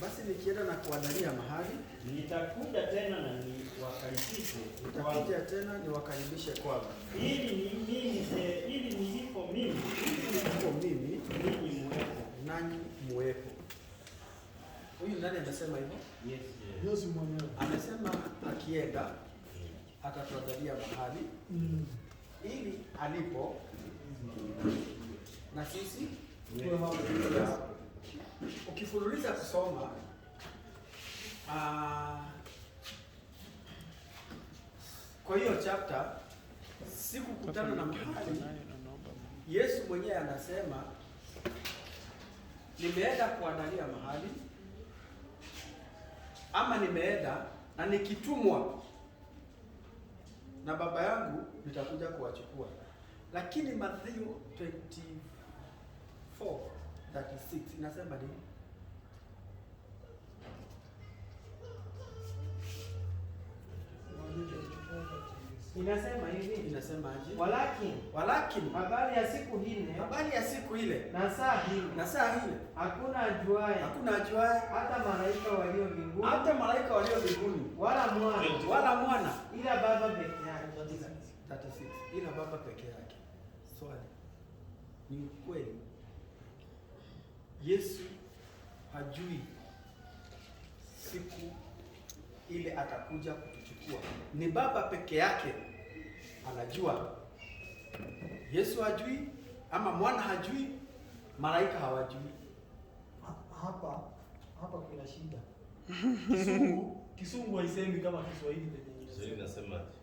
Basi nikienda na kuandalia mahali, nitakuja tena na niwakaribishe, nitakuja tena niwakaribishe kwangu, ili nilipo mimi ninyi muwepo, nanyi muwepo. Huyu nani amesema hivyo? Yesu mwenyewe amesema akienda akatuangalia mahali mm. ili alipo na sisi yeah. Ukifululiza kusoma uh, kwa hiyo chapta sikukutana na mahali Yesu mwenyewe anasema nimeenda kuandalia mahali ama nimeenda na nikitumwa na baba yangu nitakuja kuwachukua. Lakini Mathayo 24:36 inasema nini? Inasema hivi, inasema aje? Walakin, walakin habari ya siku ile, habari ya siku ile na saa hii, na saa hii, hakuna ajuaye, hakuna ajuaye hata malaika walio mbinguni, hata malaika walio mbinguni, wala mwana, wala mwana, ila baba pekee 36 ina baba peke yake. Swali ni ukweli, Yesu hajui siku ile atakuja kutuchukua, ni baba peke yake anajua. Yesu hajui ama mwana hajui, malaika hawajui. Hapa hapa kuna shida. Kisungu, Kisungu haisemi kama Kiswahili. Kiswahili nasemaje?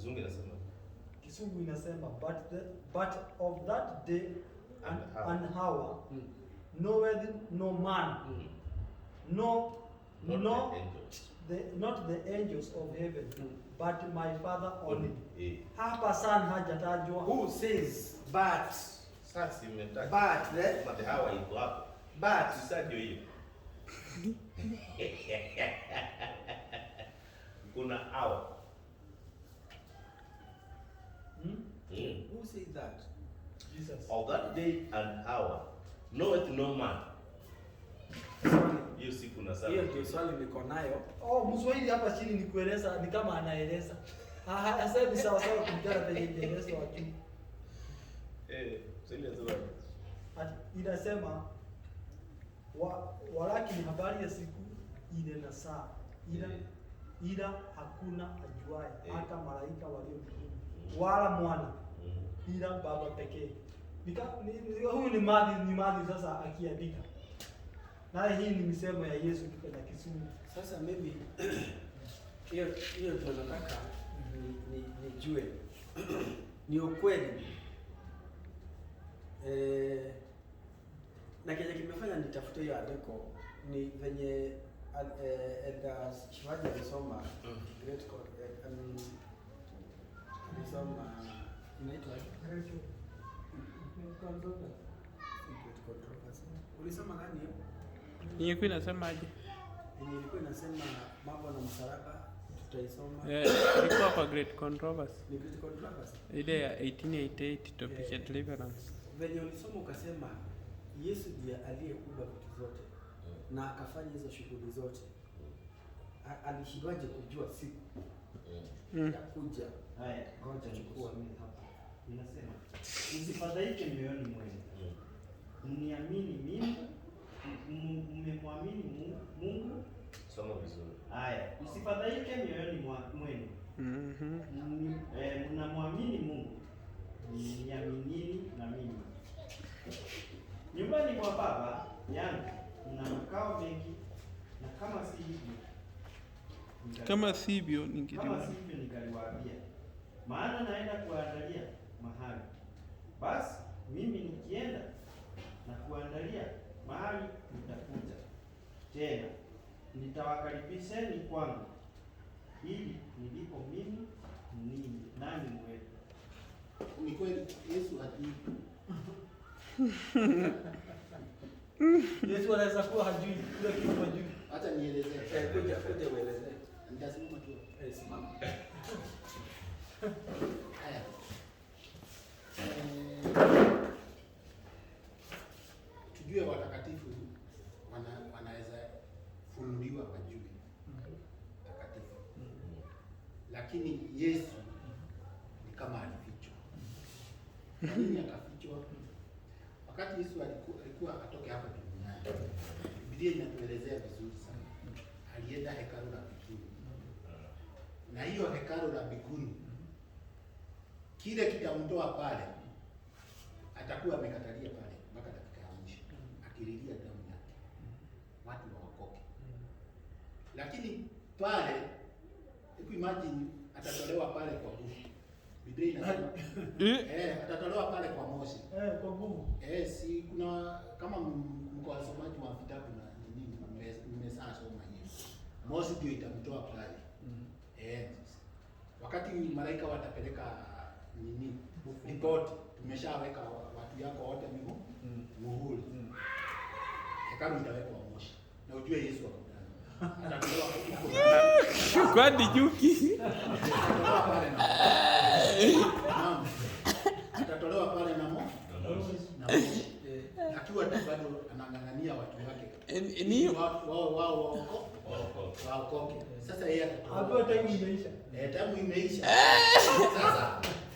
Kizungu inasema Kizungu inasema but the, but of that day and, and hour mm. no knoweth no man mm. no not no the, angels. the not the angels of heaven mm. but my father only mm. yeah. hapa sana hajatajwa who says but sasa imetaka but the, eh? but the hour iko hapo but sasa hiyo kuna hour Who said that? Jesus. Of that day and hour knoweth no man. Hiyo siku na saa. Hiyo ndio swali niko nayo. Oh, Mswahili hapa chini ni kueleza ni kama anaeleza. sawa sawa juu. Eh, Mswahili Inasema wa, habari ya siku ile na saa ila eh. ila hakuna ajuaye eh. hata malaika walio wala mwana bila baba pekee. Nika, ni, huyu ni mali ni madhi sasa akiandika. Na hii ni misemo ya Yesu kwa Kisumu. Sasa mimi hiyo hiyo tunataka nataka ni nijue ni ukweli eh, na kile kimefanya nitafute hiyo andiko ni venye Elda eh, Shivaji alisoma mm. great, I eh, mean um, alisoma Unaitwa ulisema nani? Yenye ilikuwa inasemaje? Yenye ilikuwa inasema mambo na msalaba eh, ilikuwa kwa great controversy. Ile ya 1888 topic ya eh. deliverance. Venye ulisoma ukasema Yesu ndiye aliyekuba vitu zote na akafanya hizo shughuli zote. Alishindaje kujua siku? Mm. Ya kuja. Haya, ngoja nikusomee hapa. Ninasema msifadhaike mioyoni mwenu, mniamini mimi, mmemwamini Mungu. Soma vizuri. Haya, msifadhaike mioyoni mwenu, mm-hmm. eh, mnamwamini Mungu, mniaminini na mimi. Nyumbani mwa Baba yangu mna makao mengi, na kama si hivyo kama sivyo ningaliwaambia, maana naenda kuwaandalia mahali. Basi mimi nikienda na kuandalia mahali, nitakuja tena nitawakaribisheni kwangu, ili nilipo mimi ninyi nani mwepo. Ni kweli Yesu atiipo Yesu anaweza kuwa hajui kila kitu hajui. hata nieleze. Eh, kuja kuja mwelezee, Nitasimama tu. Eh, simama. Eh, tujue watakatifu wana, wanaweza funuliwa wajue takatifu, lakini Yesu ni kama alifichwa. Nini akafichwa? Wakati Yesu alikuwa, alikuwa atoke hapa duniani, Biblia inatuelezea vizuri sana, alienda hekalu la mbinguni, na hiyo hekalu la mbinguni kile kitamtoa pale, atakuwa amekatalia pale mpaka dakika ya mwisho, mm. akililia damu yake, mm. watu waokoke. Mm. Lakini pale, hebu imagine, atatolewa pale kwa nguvu. Biblia inasema eh? eh, atatolewa pale kwa moshi, eh, kwa nguvu. Eh, si kuna kama mko wasomaji wa vitabu na nini, mmesaa soma hiyo, moshi ndio itamtoa pale. Eh, wakati malaika watapeleka nini ripoti, tumeshaweka watu yako wote miguu mm. muhuri, mm. hekalu itawekwa moshi, na ujue Yesu kwani juki atatolewa pale na moshi mm. eh, akiwa tu bado anang'ang'ania watu wake eh, eh, wao waokoke. Sasa yeye atatolewa, taimu imeisha. Sasa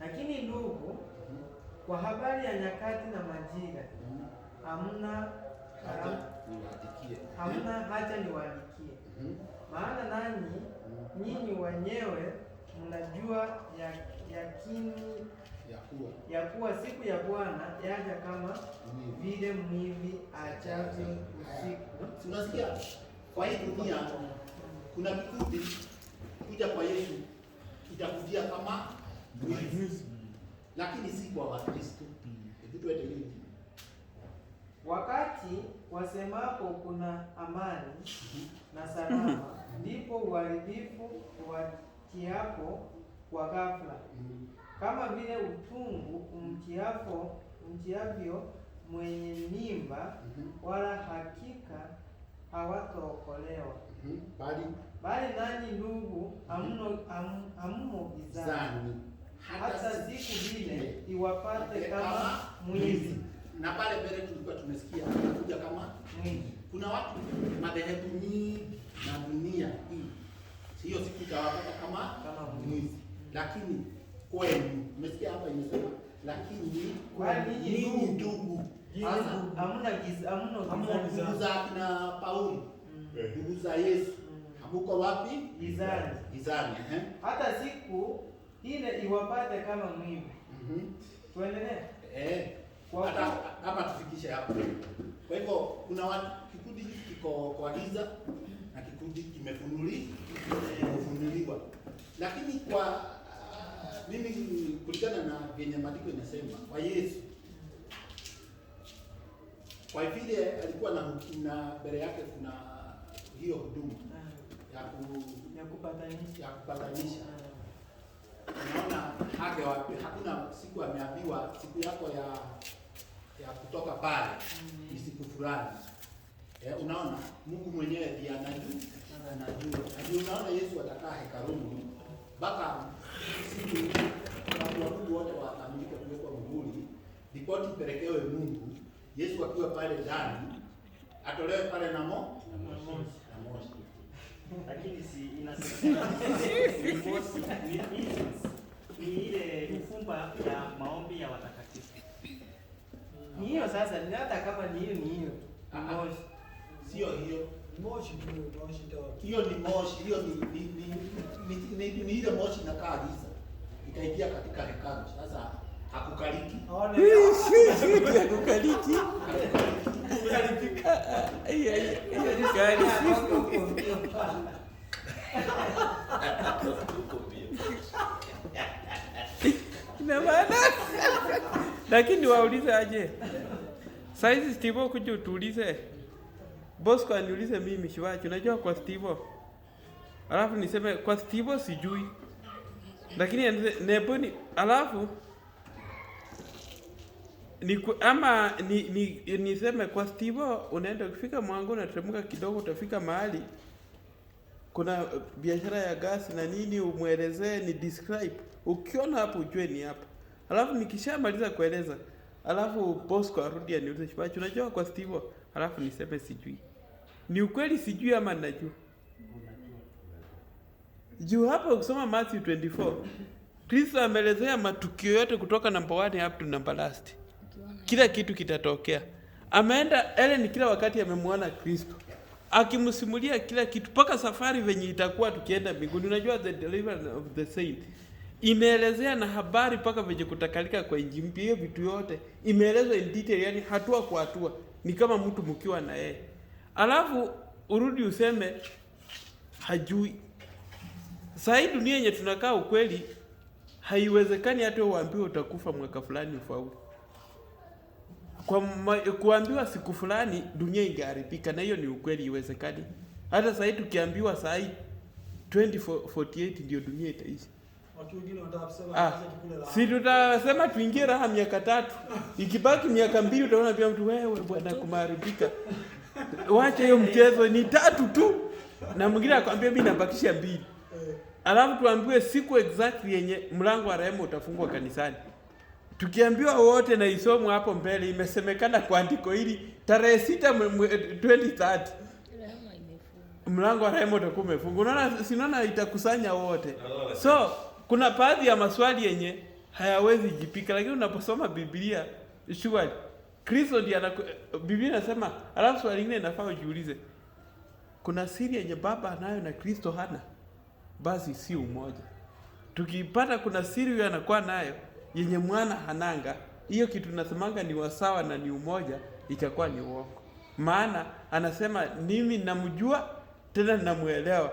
Lakini ndugu, kwa habari ya nyakati na majira, hamna hamna haja niwaandikie, maana nanyi nyinyi wenyewe mnajua yakini ya, kuwa, ya kuwa siku ya Bwana yaja kama vile mwivi achavyo usiku. Unasikia? Kwa hii dunia kuna vikundi kuja kwa Yesu itakujia kama lakini si kwa Wakristo. wakati wasemapo kuna amani na salama, ndipo uharibifu umtiapo kwa ghafla, kama vile utungu umtiapo mtiavyo mwenye mimba, wala hakika hawataokolewa. Bali nani, ndugu, hammo gizani hata siku zile iwapate eh, kama mwizi. Na pale mbele tulikuwa tumesikia anakuja kama mwizi. Kuna watu madhehebu nyingi na dunia hii, hiyo siku itawapata kama kama mwizi, lakini kwenu, umesikia hapa imesema, lakini ninyi ndugu. hamna Ndugu za akina Paulo, mm. ndugu za Yesu, mm. hamuko wapi? Gizani. Gizani. Hata siku ile iwapate kama mwivi. Mhm. Tuendelee. Eh. Hata hapa tufikishe hapo. Kwa hivyo kuna kikundi hiki kiko kwa giza na kikundi kimefunuliwa. Lakini kwa uh, mimi kulingana na vyenye maandiko inasema kwa Yesu kwa vile alikuwa na na mbele yake kuna hiyo huduma ah. ya kupatanisha Unaona hake wapi? Hakuna siku ameambiwa siku yako ya ya kutoka pale ni mm. siku fulani. Eh, unaona Mungu mwenyewe ndiye anajua na anajua. Ndio unaona Yesu atakaa hekaluni mpaka siku watu wa wote wakamilike kuwekwa muhuri, ripoti ipelekewe Mungu, Yesu akiwa pale ndani atolewe pale na mo na moshi. Lakini si inasema moshi ni ni ile ufumba ya maombi ya watakatifu. Ni hiyo sasa, ni hata kama ni hiyo, ni hiyo ah, ah. moshi, sio hiyo moshi tu, moshi tu, hiyo ni moshi, hiyo ni ni ni ni ni ni, ile moshi na kabisa itaingia katika hekalu. Sasa hakukaliki, haona hakukaliki, hakukaliki, hiyo hiyo ni kali lakini waulize aje saizi Stivo kuja utuulize Bosco aniulize mimi Shivachi, unajua kwa Stivo, alafu niseme kwa Stivo sijui, lakini nebuni, alafu ni ama ni, ni, niseme kwa Stivo, unaenda ukifika mwangu unateremka kidogo, utafika mahali kuna biashara ya gasi na nini, umwelezee ni describe Ukiona hapo ujue ni hapa. Alafu nikishamaliza kueleza, alafu boss kwa arudi aniulize Chipach, unajua kwa Steve, alafu niseme sijui. Ni ukweli sijui ama najua. Juu hapa kusoma Matthew 24, Kristo ameelezea matukio yote kutoka namba 1 to number last. Kila kitu kitatokea. Ameenda Ellen kila wakati amemwona Kristo akimsimulia kila kitu mpaka safari venye itakuwa tukienda mbinguni. Unajua the deliverance of the saints imeelezea na habari mpaka venye kutakalika kwa inji mpya. Hiyo vitu yote imeelezwa in detail, yani hatua kwa hatua, ni kama mtu mkiwa na yeye, alafu urudi useme hajui. Saa hii dunia yenye tunakaa, ukweli haiwezekani hata uambiwe utakufa mwaka fulani ufaulu. Kwa ma, kuambiwa siku fulani dunia ingeharibika, na hiyo ni ukweli, iwezekani. Hata saa hii tukiambiwa saa hii 2048 ndio dunia itaishi Ah, si tutasema tuingie raha miaka tatu, ikibaki miaka mbili utaona pia mtu wewe, bwana kumaribika, wacha hiyo mchezo. Ni tatu tu, na mwingine akwambia mimi nabakisha mbili, alafu tuambiwe siku exactly yenye mlango wa rehema utafungwa kanisani. Tukiambiwa wote na isomo hapo mbele, imesemekana kwa andiko hili tarehe sita 2030 mlango wa rehema utakuwa umefungwa. Unaona, sinaona itakusanya wote so kuna baadhi ya maswali yenye hayawezi jipika, lakini unaposoma Biblia shughuli Kristo ndiye anaku, Biblia inasema, alafu swali lingine inafaa ujiulize, kuna siri yenye baba anayo na Kristo hana? Basi si umoja. Tukipata kuna siri huyo anakuwa nayo yenye mwana hananga, hiyo kitu nasemanga ni wasawa na ni umoja, itakuwa ni uongo. Maana anasema mimi namjua tena namwelewa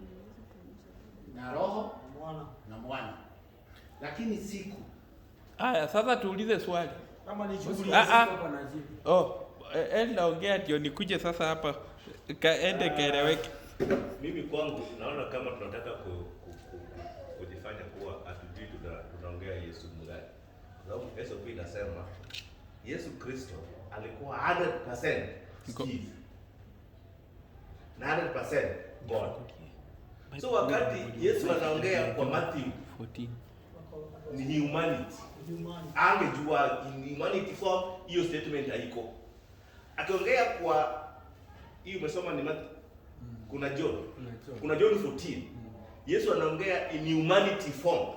na Roho na Mwana, lakini siku haya. Sasa tuulize swali kama ni shughuli ah, ah. oh, e, enda ongea ndio nikuje sasa hapa kaende ah. kaeleweke. Mimi kwangu naona kama tunataka ku, ku, ku, kujifanya kuwa hatujui tunaongea Yesu mgani, sababu SOP inasema Yesu Kristo alikuwa 100% Steve na 100% God So wakati Yesu anaongea kwa Matthew 14 ni humanity. Angejua in humanity form hiyo statement haiko. Akiongea kwa hiyo umesoma ni Matthew mm. kuna John. Kuna John 14. Mm. Yesu anaongea in humanity form.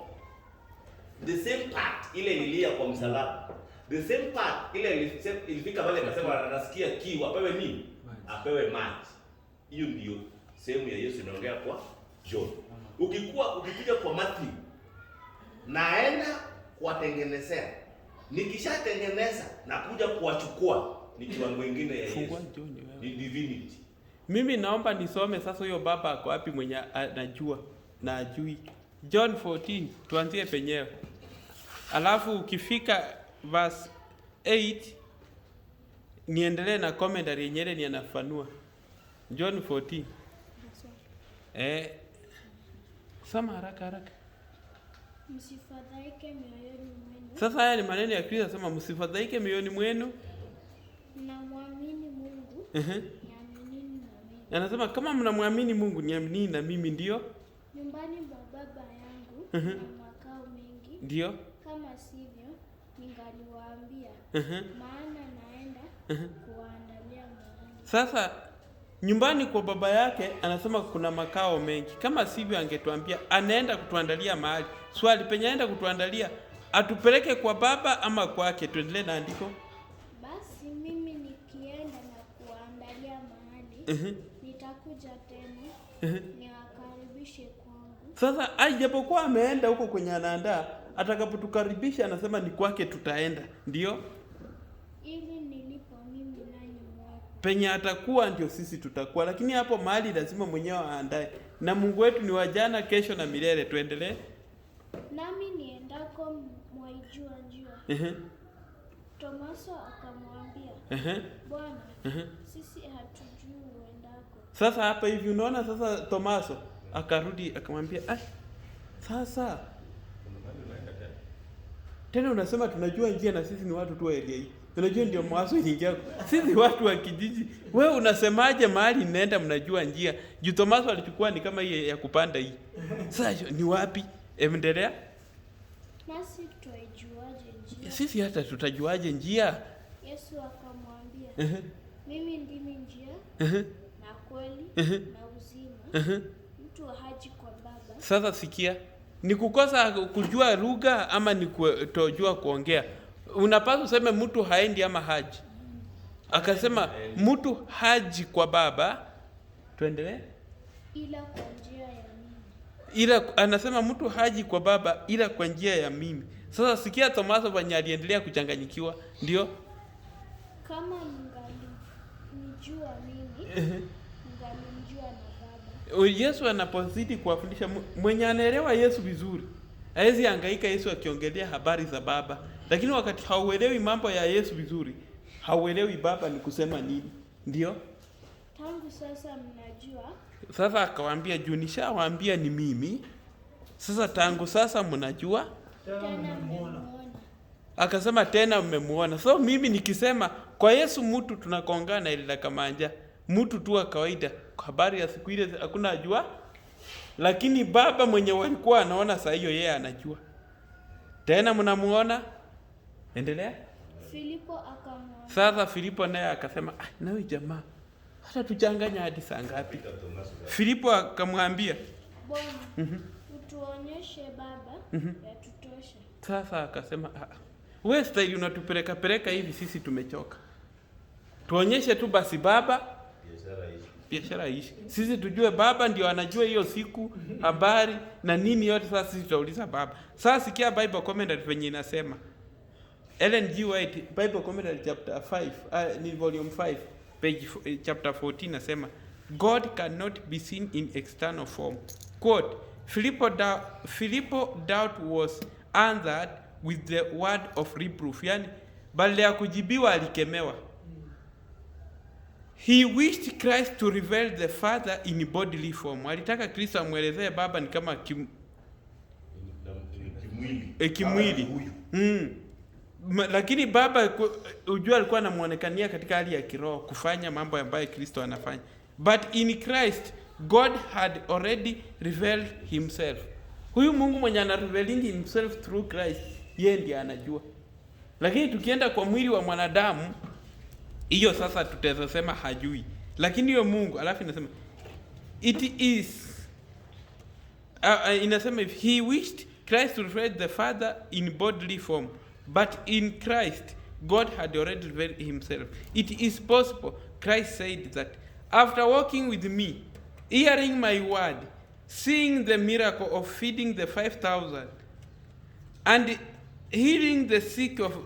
The same part ile ililia kwa msalaba. The same part ile ilifika pale akasema anasikia kiu apewe nini? Apewe maji. Hiyo ndio sehemu ya Yesu inaongea kwa John. Ukikuwa ukikuja kwa Matthew, naenda kuwatengenezea, nikishatengeneza nakuja kuwachukua, ni kiwango kingine ya Yesu, ni divinity. Mimi naomba nisome sasa, huyo baba ako wapi mwenye anajua na ajui? John 14 tuanzie penyewe, alafu ukifika verse 8 niendelee na commentary yenyewe, ni anafanua John 14 eh Soma haraka haraka. Msifadhaike mioyoni mwenu. Sasa haya ni maneno ya Kristo, sema msifadhaike mioyoni mwenu. Mnamwamini Mungu. Eh. -huh. Anasema kama mnamwamini Mungu niamini na mimi ndio. Nyumbani mwa Baba yangu uh -huh. na makao mengi. Ndio. Kama sivyo ningaliwaambia. Uh -huh. Maana naenda uh -huh. kuandalia mahali. Sasa Nyumbani kwa baba yake anasema kuna makao mengi, kama sivyo angetuambia. Anaenda kutuandalia mahali. Swali penye aenda kutuandalia, atupeleke kwa baba ama kwake? Tuendelee na andiko. Basi mimi nikienda na kuandalia mahali, nitakuja tena niwakaribishe kwangu. Sasa ai, ameenda huko kwenye anaandaa, atakapotukaribisha anasema ni kwake tutaenda, ndio ili penye atakuwa ndio sisi tutakuwa, lakini hapo mahali lazima mwenyewe aandae, na Mungu wetu ni wajana, kesho na milele. Tuendelee. Nami niendako mwaijua njia. Ehe. Tomaso akamwambia, ehe, Bwana, ehe, sisi hatujui uendako. Sasa hapa hivi unaona, sasa Tomaso akarudi akamwambia, ah, sasa tena unasema tunajua njia na sisi ni watu tu wa elia hii Unajua ndio mwaso ingia. Sisi watu wa kijiji, wewe unasemaje mahali nenda mnajua njia. Juu Tomaso alichukua ni kama hii ya kupanda hii. Sasa ni wapi? Endelea. Nasi tutajuaje njia? Sisi hata tutajuaje njia? Yesu akamwambia, Mimi ndimi njia na kweli na uzima. Mtu haji kwa Baba. Sasa sikia, ni kukosa kujua lugha ama ni kutojua kuongea? unapaswa useme mtu haendi ama haji. Akasema mtu haji kwa baba, tuendelee ila kwa njia ya mimi, ila anasema mtu haji kwa baba ila kwa njia ya mimi. Sasa sikia Tomaso venye aliendelea kuchanganyikiwa, ndio kama mngalijua mimi Yesu anapozidi kuwafundisha, mwenye anaelewa Yesu vizuri hawezi angaika Yesu akiongelea habari za baba. Lakini wakati hauelewi mambo ya Yesu vizuri, hauelewi baba ni kusema nini. Ndio? Tangu sasa mnajua. Sasa akawaambia juu nishawaambia ni mimi. Sasa tangu sasa mnajua. Tena akasema tena mmemuona. So mimi nikisema kwa Yesu mtu tunakongana ile la kamanja, mtu tu wa kawaida, habari ya siku ile hakuna ajua, lakini baba mwenye walikuwa anaona saa hiyo yeye anajua. Tena mnamuona Endelea. Filipo akamwambia. Sasa Filipo naye akasema, ah, na jamaa hata tuchanganya hadi saa ngapi? Filipo akamwambia, Bwana, mm utuonyeshe baba, mm -hmm. Sasa akasema, ah, wewe staili unatupeleka peleka hivi, sisi tumechoka. Tuonyeshe tu basi baba, biashara ishi, sisi tujue baba ndio anajua hiyo siku habari na nini yote. Sasa sisi tutauliza baba. Sasa sikia Bible comment venye inasema Ellen G. White Bible Commentary chapter 5, uh, ni volume 5 page chapter 14 nasema God cannot be seen in external form. Quote, Philippo doubt, Philippo doubt was answered with the word of reproof. Yani, badala ya kujibiwa alikemewa. He wished Christ to reveal the Father in bodily form. Alitaka Kristo amwelezee Baba ni kama kim... kimwili. E, kimwili. Mm lakini baba ujua alikuwa anamwonekania katika hali ya kiroho kufanya mambo ambayo Kristo anafanya, but in Christ God had already revealed himself. Huyu Mungu mwenye anarevealingi himself through Christ, yeye ndiye anajua. Lakini tukienda kwa mwili wa mwanadamu, hiyo sasa tutaweza sema hajui, lakini hiyo Mungu alafu inasema it is uh, uh, inasema if he wished Christ to reveal the father in bodily form But in Christ, God had already revealed himself. It is possible. Christ said that after walking with me, hearing my word, seeing the miracle of feeding the 5,000, and healing the sick of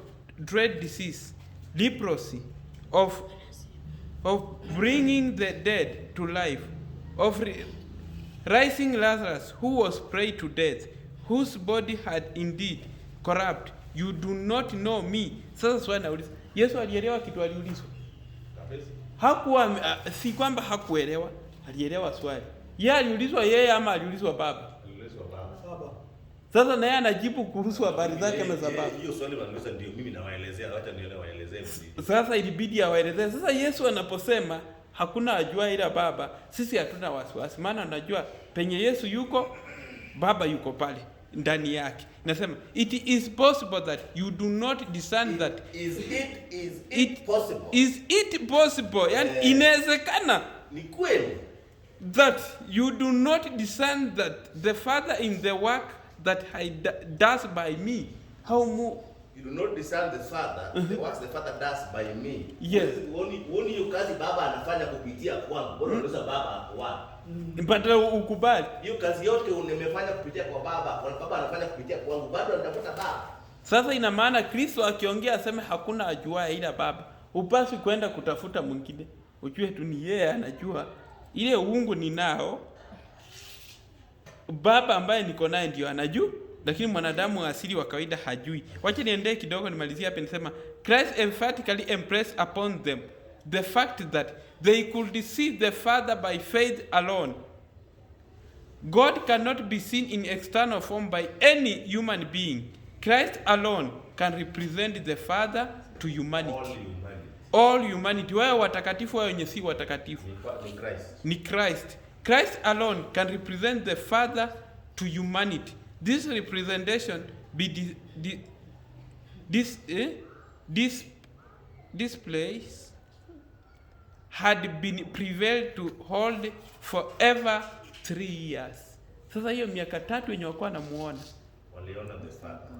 dread disease, leprosy, of, of bringing the dead to life, of re- rising Lazarus, who was prey to death, whose body had indeed corrupted, you do not know me. Sasa swali nauliza, Yesu alielewa kitu aliulizwa? Hakuwa uh, si kwamba hakuelewa, alielewa swali. Yeye aliulizwa yeye ama aliulizwa baba? Sasa naye anajibu kuhusu habari zake na sababu. Hiyo swali wanauliza ndio mimi nawaelezea, acha nielewe waelezee. Sasa ilibidi awaelezee. Sasa Yesu anaposema hakuna ajua ila Baba, sisi hatuna wasiwasi, maana najua penye Yesu yuko Baba yuko pale ndani yake nasema it is possible that you do not discern that is it, is it, it possible is it possible yani yeah. inawezekana ni kweli that you do not discern that the father in the work that I does by me how more you do not discern the father uh -huh. the uh-huh. works the father does by me yes uoni uoni kazi baba anafanya kupitia kwangu bora hmm? unaweza baba wapi mpate ukubali. Hiyo kazi yote nimefanya kupitia kwa baba, kwa baba anafanya kupitia kwangu, bado anatafuta baba. Sasa ina maana Kristo akiongea aseme hakuna ajuaye ila baba, upasi kwenda kutafuta mwingine, ujue tu ni yeye anajua. Ile uungu ninao baba ambaye niko naye ndio anajua, lakini mwanadamu asili wa kawaida hajui. Wacha niendee kidogo nimalizie hapa, nisema Christ emphatically impressed upon them the fact that they could see the Father by faith alone. God cannot be seen in external form by any human being. Christ alone can represent the Father to humanity. All humanity. All humanity. Wao watakatifu wao wenye si watakatifu. Ni Christ. Ni Christ. Christ alone can represent the Father to humanity. This representation be di, di, this eh, this place. had been prevailed to hold forever three years. Sasa hiyo miaka tatu yenye wakuwa namuona waliona the sun